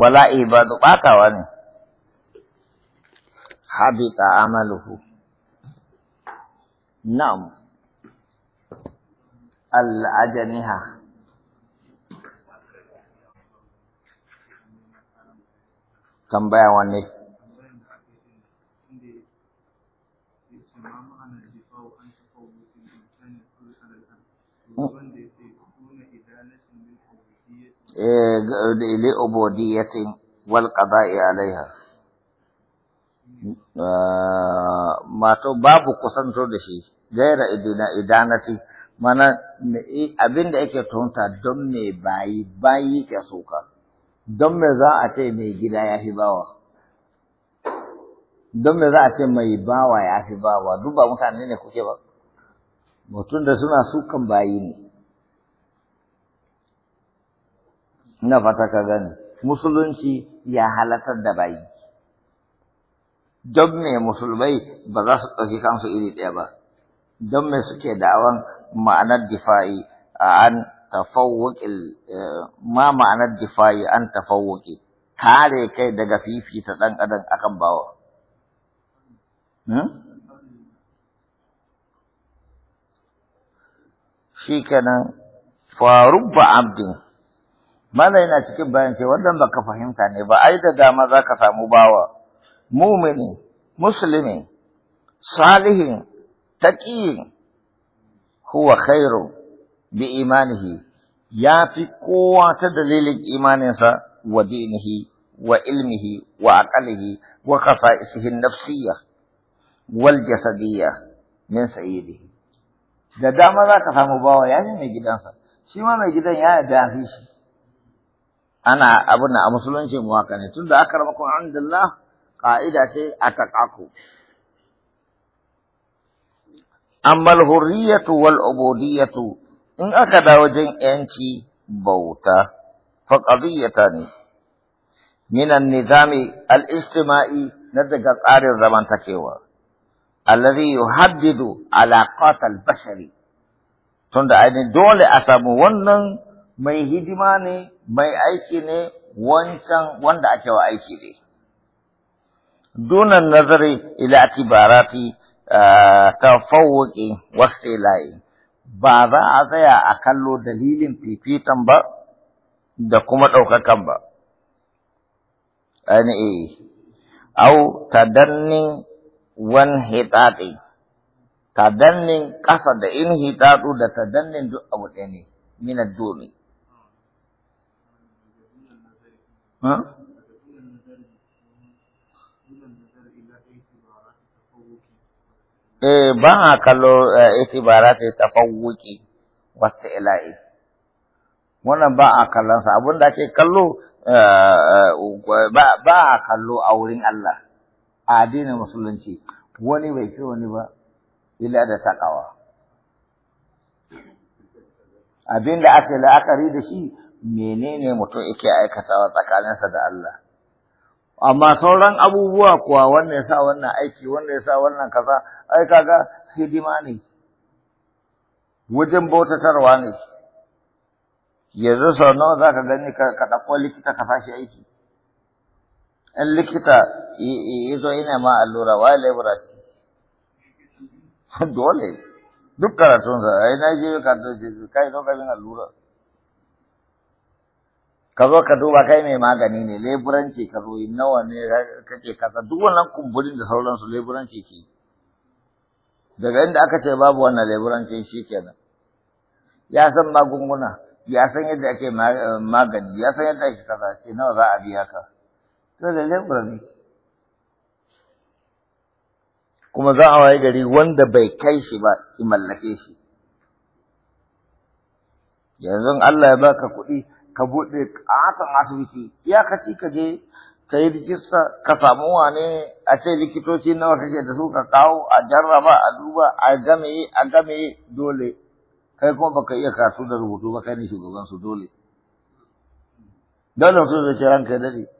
wala ibadu ɓatawa ne habita amaluhu na'am al-ajaniha tambaya wanne Eh, wal لعبودية والقضاء عليها mato babu kusanto da shi gaira idina idanati mana abinda da yake tunta don me bayi bayi ke soka don me za a ce mai gida ya fi bawa don me za a ce mai bawa ya fi bawa duk ba mutane ne kuke ba mutum da suna sukan bayi ne na fata ka gani. musulunci ya halatar da bayi don me musulmai ba za su ɗauki kansu iri ɗaya ba don me suke da'awan ma'anar difa'i a an tafawwuƙi e, ma ma'anar difa'i an tafawwuƙi kare kai daga fifita ɗan adam akan bawa hmm? shi kenan farubba abdin mana yana cikin bayan ce wannan baka fahimta ne ba ai da dama zaka samu bawa mumini muslimi salihi taqi huwa khairu bi imanihi ya fi kowa ta dalilin imaninsa wa dinihi wa ilmihi wa aqalihi wa khasa'isihi an-nafsiyyah wal jasadiyya min sayyidihi da dama za ka samu bawa ya ne mai gidansa shi ma mai gidan ya yarda ya shi ana abin a musulunci mu haka ne tunda aka rama kuma alhamdulillah ka'ida ce a taƙaku amma hurriyatu wal ubudiyatu in aka da wajen yanci bauta fa ne minan nizami al ijtima'i na daga tsarin zamantakewa alladhi yuhaddidu alaqatal bashari tunda ai dole a samu wannan mai hidima ne mai aiki ne wancan wanda ake wa aiki ne dunan nazari ila atibarati tafawuqi wasilai ba za a tsaya a kallo dalilin fifitan ba da kuma ɗaukakan ba ainihi au tadannin Wan wanhitaɗi tadannin ƙasa da in hitatu da tadannin duk abu ɗaya ne minar domi Eh ba a kallo itibara ta tafawuki wasu ila'i. Wannan ba a kallonsa, abinda ake kallo ba a kallo a wurin Allah. a addinin musulunci wani bai fi wani ba illa da takawa abin da aka la'akari da shi menene mutum yake aikatawa tsakaninsa da Allah amma sauran abubuwa kuwa wanda ya sa wannan aiki wanda ya sa wannan kaza ai kaga hidima ne wajen bautatarwa ne yanzu sau nawa za ka gani ka ɗauko likita ka fashi aiki in likita ya zo yana ma allura wa lebura ce dole duk karatunsa ai na je karatun ce kai zo ka bin allura ka zo ka duba kai mai magani ne leburanci ka zo nawa ne kake kasa duk wannan kumburin da sauransu leburanci ke daga inda aka ce babu wannan leburanci shi kenan ya san magunguna ya san yadda ake magani ya san yadda ake kasa ce nawa za a bi haka? na da lebura ne kuma za a waye gari wanda bai kai shi ba ki mallake shi yanzu Allah ya baka kuɗi ka buɗe ƙaton asibiti ya kaci ka je ka yi rijista ka samu wane a ce likitoci nawa kake da su ka kawo a jarraba a duba a game a game dole kai kuma baka iya karatu da rubutu ba kai ne shugaban su dole dole mutum zai ce ranka ya dade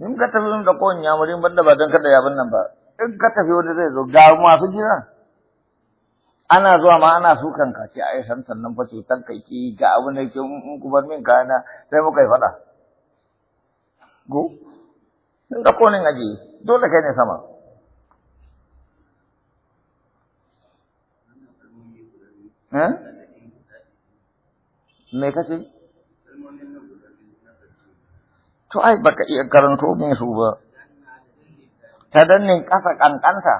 in ka tafi da kowane yamurin banda ba don kada yabin nan ba in ka tafi wani zai zo ga masu jira ana zuwa ma ana sukan ka ce ai san sannan fa cutar kai ke ga abin da ke in kuma min kana sai muka yi faɗa go in ka konin aji dole kai ne sama eh? Me me kace to ai baka iya karanto min su ba ta dannin ƙasa ƙanƙanta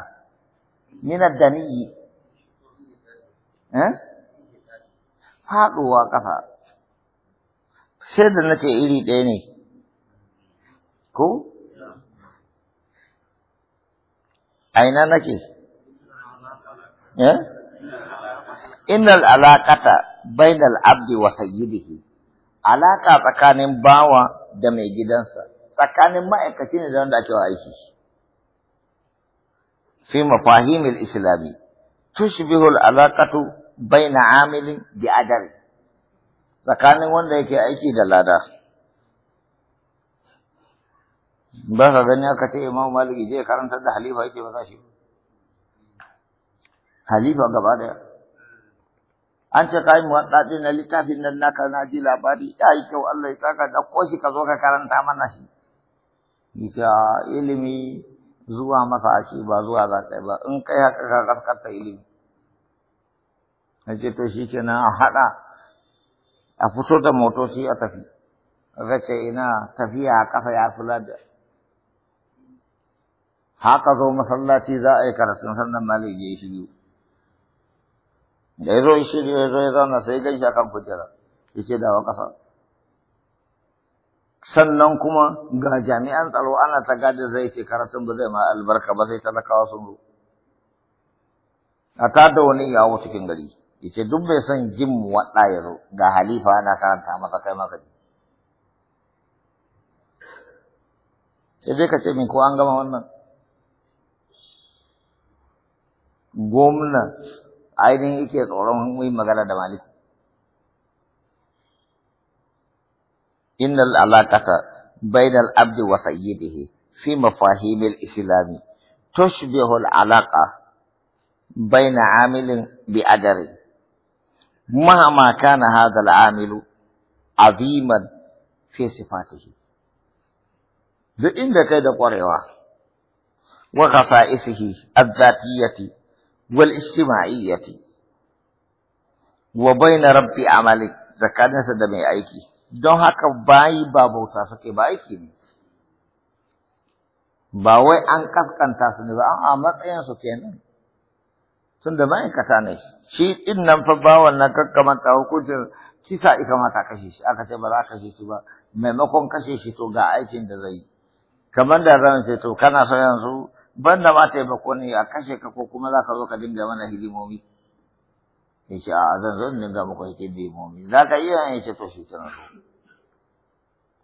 minar daniyi eh? faduwa ƙasa sai da na ce iri ɗaya ne ko aina nake eh? innal alaƙata bainal abdi wa sayyidihi alaka tsakanin bawa da mai gidansa tsakanin ma'aikaci ne da wanda ake wa aiki fi mafahimil islami tushbihul alaqatu baina amilin bi adal tsakanin wanda yake aiki da lada ba ka gani aka ce imam maliki je karanta da halifa yake ba za shi halifa gaba daya an ce yi mu wadda na littafin nan naka na ji labari yi kyau Allah ya saka da koshi ka zo ka karanta mana shi ita ilimi zuwa masa ake ba zuwa za ka ba in kai haka ka kaskanta ilimi na ce to shi kenan a haɗa a fito da motoci a tafi ka ce ina tafiya a ƙasa ya fula da haka zo masallaci za a yi karatun sannan maliki ya shigo da ya zo ya da ya zo ya zauna sai gan shi akan kujera ya ce dawa ƙasa sannan kuma ga jami'an tsaro ana ta gada zai ce karatun ba zai ma albarka ba zai talakawa sun zo a da wani yawo cikin gari ya ce duk bai son jin waɗa ya zo ga halifa ana karanta masa kai maka ji sai dai ka ce min ko an gama wannan gwamna ainihin yake tsoron mu magana da maliki innal alaqata bainal abdi wa sayyidihi fi mafahimil islami tushbihu al alaqa baina amilin bi ajari مهما كان هذا العامل عظيما في صفاته duk inda kai da ƙwarewa wa khasa'isihi az-zatiyyati والاجتماعية rabbi رب عملك tsakaninsa da mai aiki don haka bayi ba bauta suke ba aiki ne ba wai an kaskanta su ne ba a matsayinsu kenan tun da ma'aikata ne shi din nan fa bawan nan kakkamanta hukuncin shi sa ika mata kashe shi aka ce ba za kashe shi ba maimakon kashe shi to ga aikin da zai yi kamar da zan ce to kana so yanzu ban da ma taimako ne a kashe ka ko kuma za ka zo ka dinga mana hidimomi ya ce a zan zo in dinga muku hidimomi za ka iya ya ce to shi tana so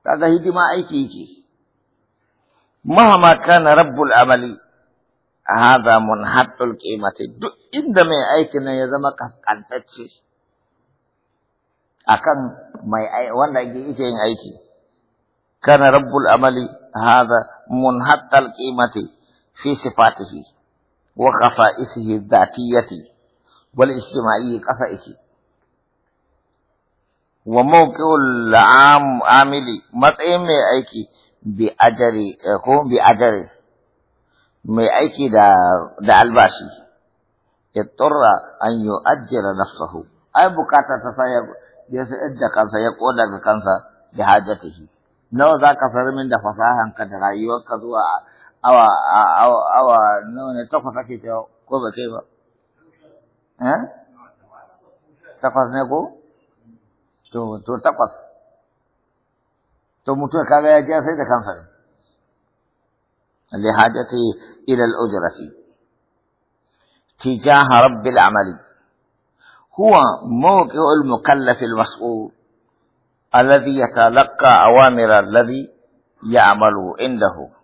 kaga hidima aiki yake mahama kana rabbul amali A hada hatul kimati. duk inda mai aiki nan ya zama kaskantacce akan mai wanda yake yin aiki kana rabbul amali hada hatul kimati. في صفاته وخصائصه الذاتية والاجتماعية قفائته وموقع العام عاملي مطعم مي ايكي بأجري يقوم بأجري مي ايكي دا, دا الباشي اضطر ان يؤجر نفسه اي بكاتا تسايق يسعد كنسا يقول لك كنسا لحاجته نو ذاك فرمين دا فصاحا قد رأيوك ذو أو أو أو أو تقف أكيد أو قبة كيف ها تقف نبو تو تو تقف تو متوقع على جاهزة كم فل لحاجة إلى الأجرة تجاه رب العمل هو موقع المكلف المسؤول الذي يتلقى أوامر الذي يعمل عنده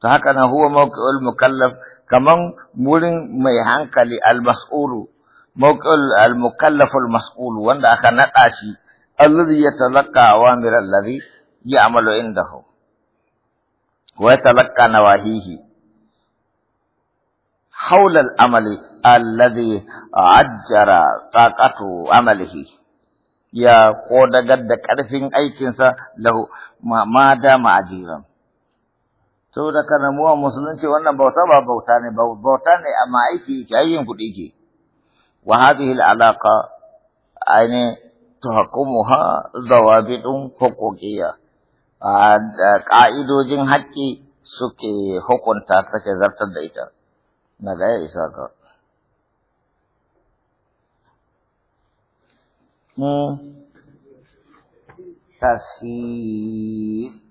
ta haka nan huwa mawqi'ul mukallaf kaman wurin mai hankali al-mas'ulu mawqi'ul al-mukallaf al-mas'ul wanda aka nada shi alladhi yatalaqqa awamir alladhi ya'malu indahu wa yatalaqqa nawahihi حول الأمل الذي عجر طاقة عمله يا قود قد كرفين أيكنسا له ما دام عجيرا saboda kana muwa musulunci wannan bauta ba bauta ne ba bauta ne amma aiki yake ayyin kuɗi ke wa hadhihi al-alaqa aine tahkumuha zawabitun huquqiyya ka'idojin haƙƙi suke hukunta take zartar da ita na ga ya isa ka hmm. tasir